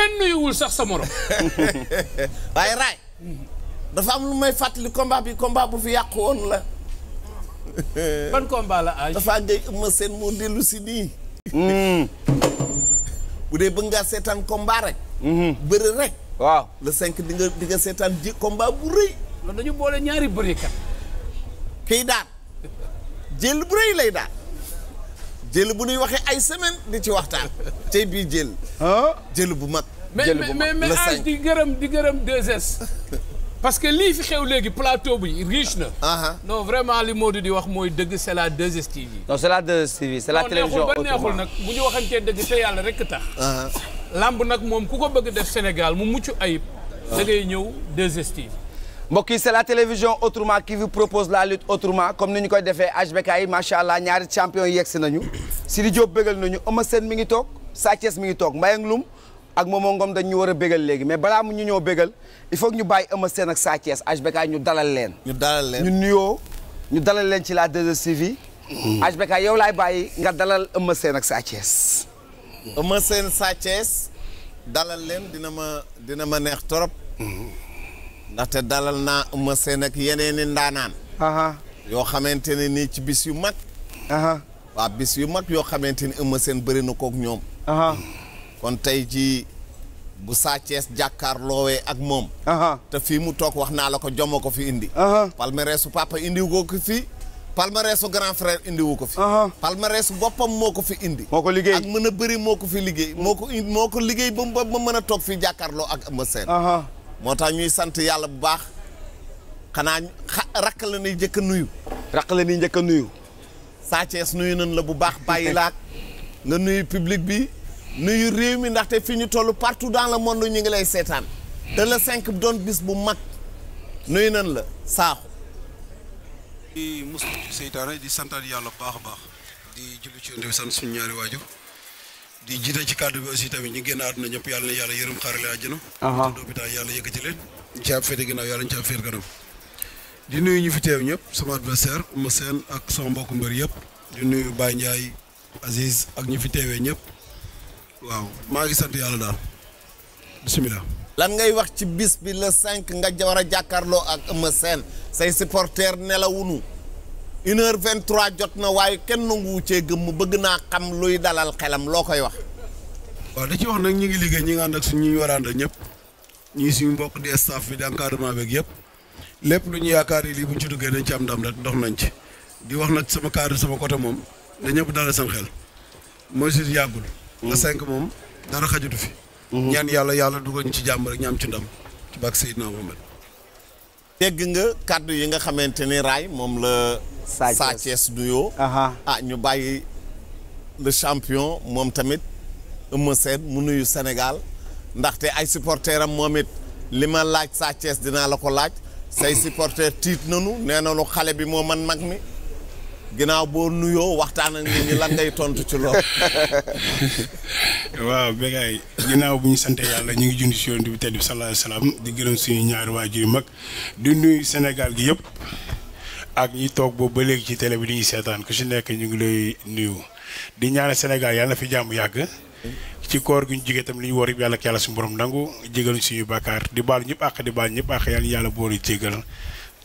kenn nuyuwul sax sa morom. waaye raay. dafa am lu may fàttali combat bi combat bu fi yàqu woon la. ban combat la ay dafa ngay ëmma seen moo dellu si nii. Hmm. bu dee bëgg ngaa seetaan combat rek. Hmm. di nga di seetaan ji combat bu rëy. loolu dañu boole ñaari bëri kat. daan jël bu rëy lay daan. jël bu ñuy waxee ay semaine di ci waxtaan tey bii jël. jël bu mag. jël bu mais mais di gërëm di gërëm 2 parce que lii fi xew léegi plateau bi riche na. Ah, ah. non vraiment li Modou di wax mooy dëgg c'est la 2STV. non la 2STV c'est la télévision ba neexul nag bu ñu waxantee dëgg te yàlla rek tax. Ah, lamb nag moom ku ko bëgg def Sénégal mu mucc ayib. da ngay ñëw 2STV. mbokk yi c'est la télévision autrement qui vous propose la lutte autrement comme ni ñu koy defee HBK yi macha allah ñaari champion yi yegsi nañu Sidi Diop bégal nañu Eumeu Sène mi ngi toog Sa mi ngi toog Mbayang Loum ak Momo Ngom dañ ñu war a bégal léegi mais balaa mu ñu ñëw bégal il faut ñu bàyyi Eumeu Sène ak Sa Thiès HBK ñu dalal leen. ñu dalal leen ñu nuyoo ñu dalal leen ci la 2STV. HBK yow laay bàyyi nga dalal Eumeu Sène ak Sa Thiès. Eumeu Sène dalal leen dina ma dina ma neex trop. ndaxte dalal naa Eumeu Sène ak yeneen i ndaanaan. yoo xamante ne nii ci bis yu mag. waa bis yu mag yoo xamante ni Eumeu Sène bëri na kook ñoom. kon tey jii bu Sa Thiès ak moom. te fii mu toog wax naa la ko jomo ko fi indi. palmarès su papa indiwu ko ko fi. palmarèsu grand indi indiwu ko fi. palmarèsu boppam moo ko fi indi. moo ko liggéey ak mën a bëri moo ko fi liggéey. moo ko moo ko liggéey ba mu ba mën a toog fii jàkkaarloo ak Eumeu Sène. moo tax ñuy sant yàlla bu baax xanaa rakk la ñuy njëkk nuyu. rakk la ñuy njëkk a nuyu. Sa Thiès nuyu nañ la bu baax bàyyi laak nga nuyu public bi nuyu réew mi ndaxte fi ñu toll partout dans le monde ñu ngi lay seetaan te le cinq doon bis bu mag nuyu nañ la saaxu. di mos seytaane di santaat yàlla baax a baax di julli ci sant suñu ñaari waajur di jiite ci kàddu bi aussi tamit ñi génn àdduna ñëpp yàlla na yàlla yërëm xaarale àjjana. te lopitaan yàlla yëkkati leen. ñu ci ab féete ginnaaw yàlla ñu ci ab féete kanam. di nuyu ñu fi teew ñëpp sama adversaire ma seen ak sama mbokku mbër yëpp. di nuyu Baye Ndiaye Aziz ak ñu fi teewee ñëpp. waaw maa ngi sant yàlla daal. bisimilah. lan ngay wax ci bis bi le 5 nga war a jàkkaarloo ak Eumeu Sène say supporters nelawuñu une heure vingt trois jot na waaye kenn nanguwu cee gëm mu bëgg naa xam luy dalal xelam loo koy wax. waaw da ci wax nag ñu ngi liggéey ñi nga ànd ak suñu ñi ñu war a ànd ak ñëpp suñu mbokk di staff bi di encadrement beeg yëpp lépp lu ñu yaakaar yi lii bu ñu ci duggee nañ ci am ndam rek dox nañ ci di wax nag sama cadre sama côté moom da ñëpp dalal seen xel mooy si yàggul. Mm. la cinq moom dara xajutu fi. Mm-hmm. ñaan yàlla yàlla dugal ñu ci jàmm rek ñu am ci ndam ci bàq Seydina yi nga xamante ni raay moom la. Sa Thiès nuyoo ah ñu bàyyi le champion moom tamit Eumeu seet mu nuyu Sénégal ndaxte ay supporters am moom it li ma laaj Sa dinaa la ko laaj say supporters tiit nanu nee nanu xale bi moo man mag mi ginnaaw boo nuyoo waxtaan ak nit ñi lan ngay tontu ci loolu. waaw béykat ginnaaw bu ñu sante yàlla ñu ngi jund ci yoon bi tedd bi sallallahu alayhi di gërëm suñu ñaari waajur yu mag di nuyu Sénégal gi yëpp. ak ñi toog boobu ba léegi ci télé bi di ñu seetaan ku si nekk ñu ngi lay nuyu di ñaanal senegal yàlla na fi jàmm yàgg ci koor gi ñu jigee tam li ñu war yëpp yàlla ak yàlla suñu borom nangu jégal di baalu ñëpp di baal ñëpp àq yàlla yàlla boolu jégal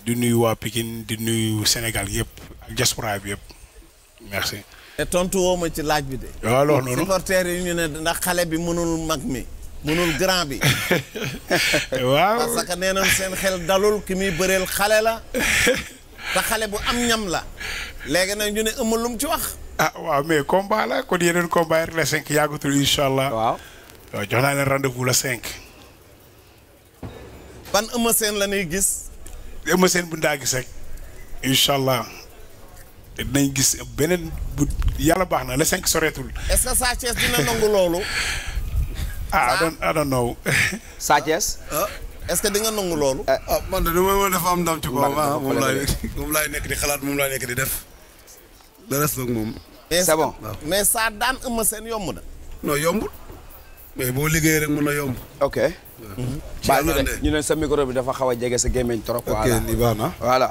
di nuyu waa Pikine di nuyu senegal yëpp ak diaspora bi yëpp merci. te tontu ma ci laaj bi de. waaw loolu yi ñu ne ndax xale bi mënul mag mi. mënul grand bi. waaw parce que seen xel dalul ki muy bëreel xale la. te xale bu am ñam la léegi nag ñu ne ëmb ci wax. ah waaw mais combat la kon yeneen combat rek la cinq yàggatul incha waaw jox naa leen rendez vous la cinq. ban seen la ñuy gis. ëmb bu ndaa allah dinañ gis beneen bu yàlla baax na la cinq soreetul. est que Sa Thiès dina nangu loolu. ah I don't I don't est-ce que di nga nangu loolu. Eh, ah, ah, moom laay nekk di xalaat moom laay nekk di def. le reste moom. c'est mais saa daan ëmma seen yomb na. non yombul. mais boo liggéeyee rek mën na yomb. ok. ñu ne ñu bi dafa xaw a jege sa gémmiñ trop. ok baax na voilà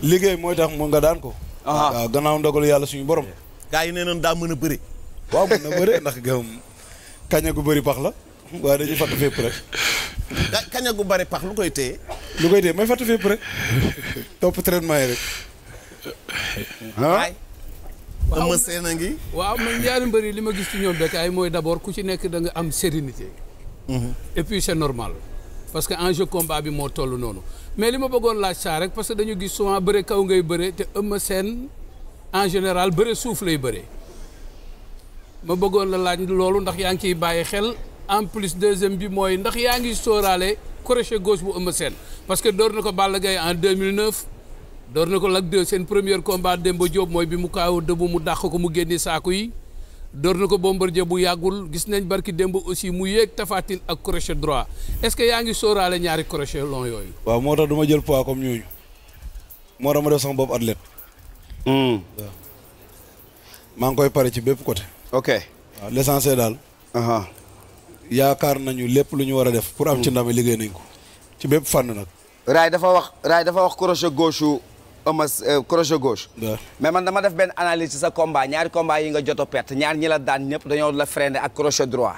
liggéey mooy tax moom nga daan ko. Ah. waaw gannaaw yàlla suñu borom. gars yi nee nañ daa mën a bëri. waaw mën na bëri ndax gëm kaña gu bëri pax la. waaw dañuy fàttu fépp rek. Ah, kaña gu bare pax lu koy téye. lu koy téye may fàttu fépp rek topp traitement yi rek. ah. waaw am seen a ngi. waaw man ñaari mbër yi li ma gis ci ñoom Bécaye mooy d'abord ku ci nekk da nga am sérénité. Mhm. et puis c'est normal. parce que enjeu combat bi moo toll noonu mais li ma bëggoon laaj saa rek parce que dañu gis souvent bëre kaw ngay bëre te Eumeu Sène en général bëre suuf lay bëre ma bëggoon la laaj loolu ndax yaa ngi ciy bàyyi xel en plus deuxième bi mooy ndax yaa ngi sooraale crochet gauche bu Eumeu seen parce que door na ko Balla Gaye en 2009 door na ko Lac 2 seen premier combat Demba Diop mooy bi mu kaaw dëbb mu dàq ko mu génni saaku yi door na ko Bombardier bu yàggul gis nañ barki démb aussi mu yéeg tafaatin ak crochet droit est-ce que yaa ngi sóoraale ñaari crochet long yooyu. waaw moo tax du jël poids comme ñooñu moo tax ma def sama bopp athlète. Hmm. waaw ngi koy pare ci bépp côté. ok waaw yaakaar nañu lépp lu ñu war a def pour am ci mm. ndam liggéey nañ ko ci bépp fànn nag. Raay dafa wax Raay dafa wax crochet gauche su Eumeu Sène euh, crochet gauche. mais man dama def benn analyse ci yi nga jot a perte ñi la daan ñëpp dañoo la freiné ak crochet droit.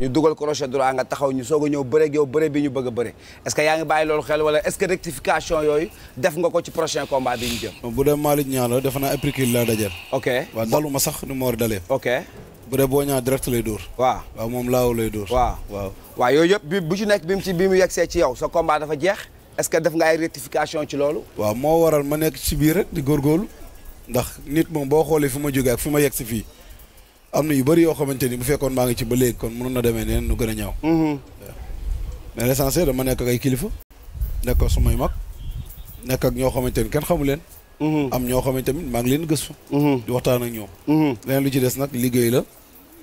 ñu dugal crochet nga taxaw ñu soog a ñëw bëre ak yow bëre bi ñu bëgg a bàyyi loolu xel wala est-ce que rectification yooyu def nga ko ci prochain combat bi ñu jëm. bu dee Malick Niang la defe naa laa dajeel. ok waaw daluma sax nu ma war a dalee. ok. bu dee boo ñaa direct lay dóor. waa waaw moom laaw lay dóor. waaw waaw waaw yooyu yëpp bi bu ci nekk bi mu ci bi mu yegsee ci yow sa combat dafa jeex est-ce que def nga ay rectification ci loolu. waaw moo waral ma nekk ci biir rek di góorgóorlu ndax nit moom boo xoolee fi ma jógee ak fi ma yegg si fii am na yu bëri yoo xamante ni bu fekkoon maa ngi ci ba léegi kon mënoon na demee neen nu gën a ñaaw. Mm-hmm. mais l'essentiel dama nekk ay kilifa. nekk ak sumay mag nekk ak ñoo xamante ni kenn xamu leen. Mm-hmm. am ñoo xamante ni maa ngi leen gëstu. Mm-hmm. di waxtaan ak ñoom. lu ci des nag liggéey la.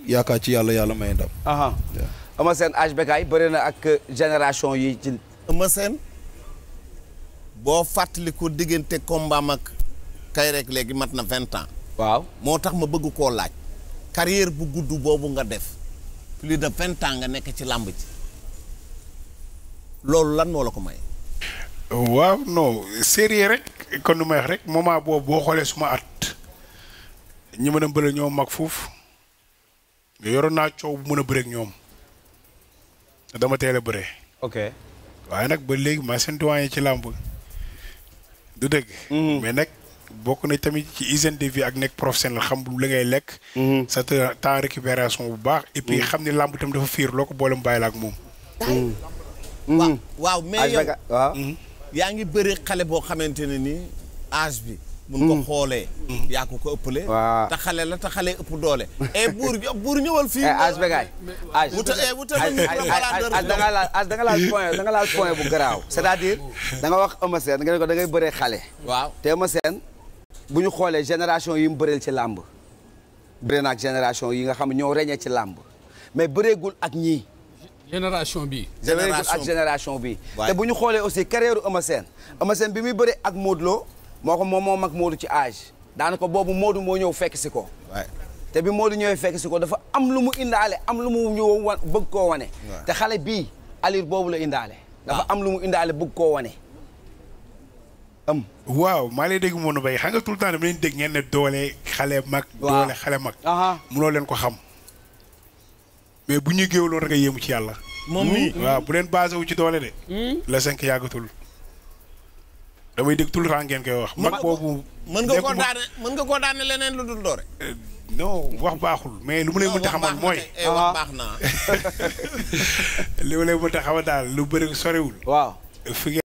yaakaar ci yàlla yàlla may ndam. Eumeu Sène âge békaay bëri na ak génération yi ci. Eumeu Sène boo fàttaliku diggante kombaam ak kay rek léegi mat na vingt ans. waaw moo tax ma bëgg koo laaj. carrière bu gudd boobu nga def plus de vingt ans nga nekk ci làmb ji loolu lan moo la ko may. waaw non sérieux rek kon nu may wax rek moment boobu boo xoolee suma at ñi mën a bële ñoo mag foofu. mais yoroon naa coow bu mën a bëre ñoom dama teel a ok waaye nag ba léegi maa seen doyen ci làmb du dëgg. Mhm. mais nag bokk na tamit ci hygiène de vie ak nekk professionnel xam la ngay lekk. sa mhm. temps récupération bu baax. et puis mhm. xam ni làmb itam dafa fiir loo ko boolem bàyyi la ak moom. waaw mais yaa ngi bëri xale boo xamante ne ni ase bi. buñ ko hmm. xoolee hmm. yaa ko ko ëppale xale la te xale ëpp doole e buur ñëwal fii eh, ag bégaay ag wuta eh, da nga laal ag da laal point bu garaaw c'est-à-dire da wax Eumeu Sène ko da ngay bëree xale te Eumeu bu ñu xoolee génération yi mu bëreel ci làmb bëree na ak génération yi nga xam ñëw ñoo reñee ci làmb mais bëreegul ak ñi génération bi génération ak génération bi te bu ñu xoolee aussi carrière Eumeu Sène bi muy bëree ak Modou moo ko moom moo mag Modou ci âge daanaka boobu Modou moo ñëw fekk si ko. te bi moo Modou ñëwee fekk si ko dafa am lu mu indaale am lu mu ñëw bëgg koo wane. te xale bii alir boobu la indaale. dafa ah. am lu mu indaale bëgg koo wane. am waaw maa lay dégg Modou Mbaye xam nga tul le temps dama leen dégg ngeen ne doole xale mag. doole xale mag. munoo leen ko xam. mais bu ñu géewloon rek a yéemu ci yàlla. moom mii waaw bu leen basé wu ci doole de. Hmm? la cinq yàggatul. damay dégg tout le temps ngeen koy wax. mag boobu mën nga koo daane mën nga koo daane leneen lu dul doore. Euh, non wax baaxul mais lu mu lay mënta xamal mooy. Eh, wax baax naa li mu lay mënta xamal daal lu bëri sorewul. waaw fi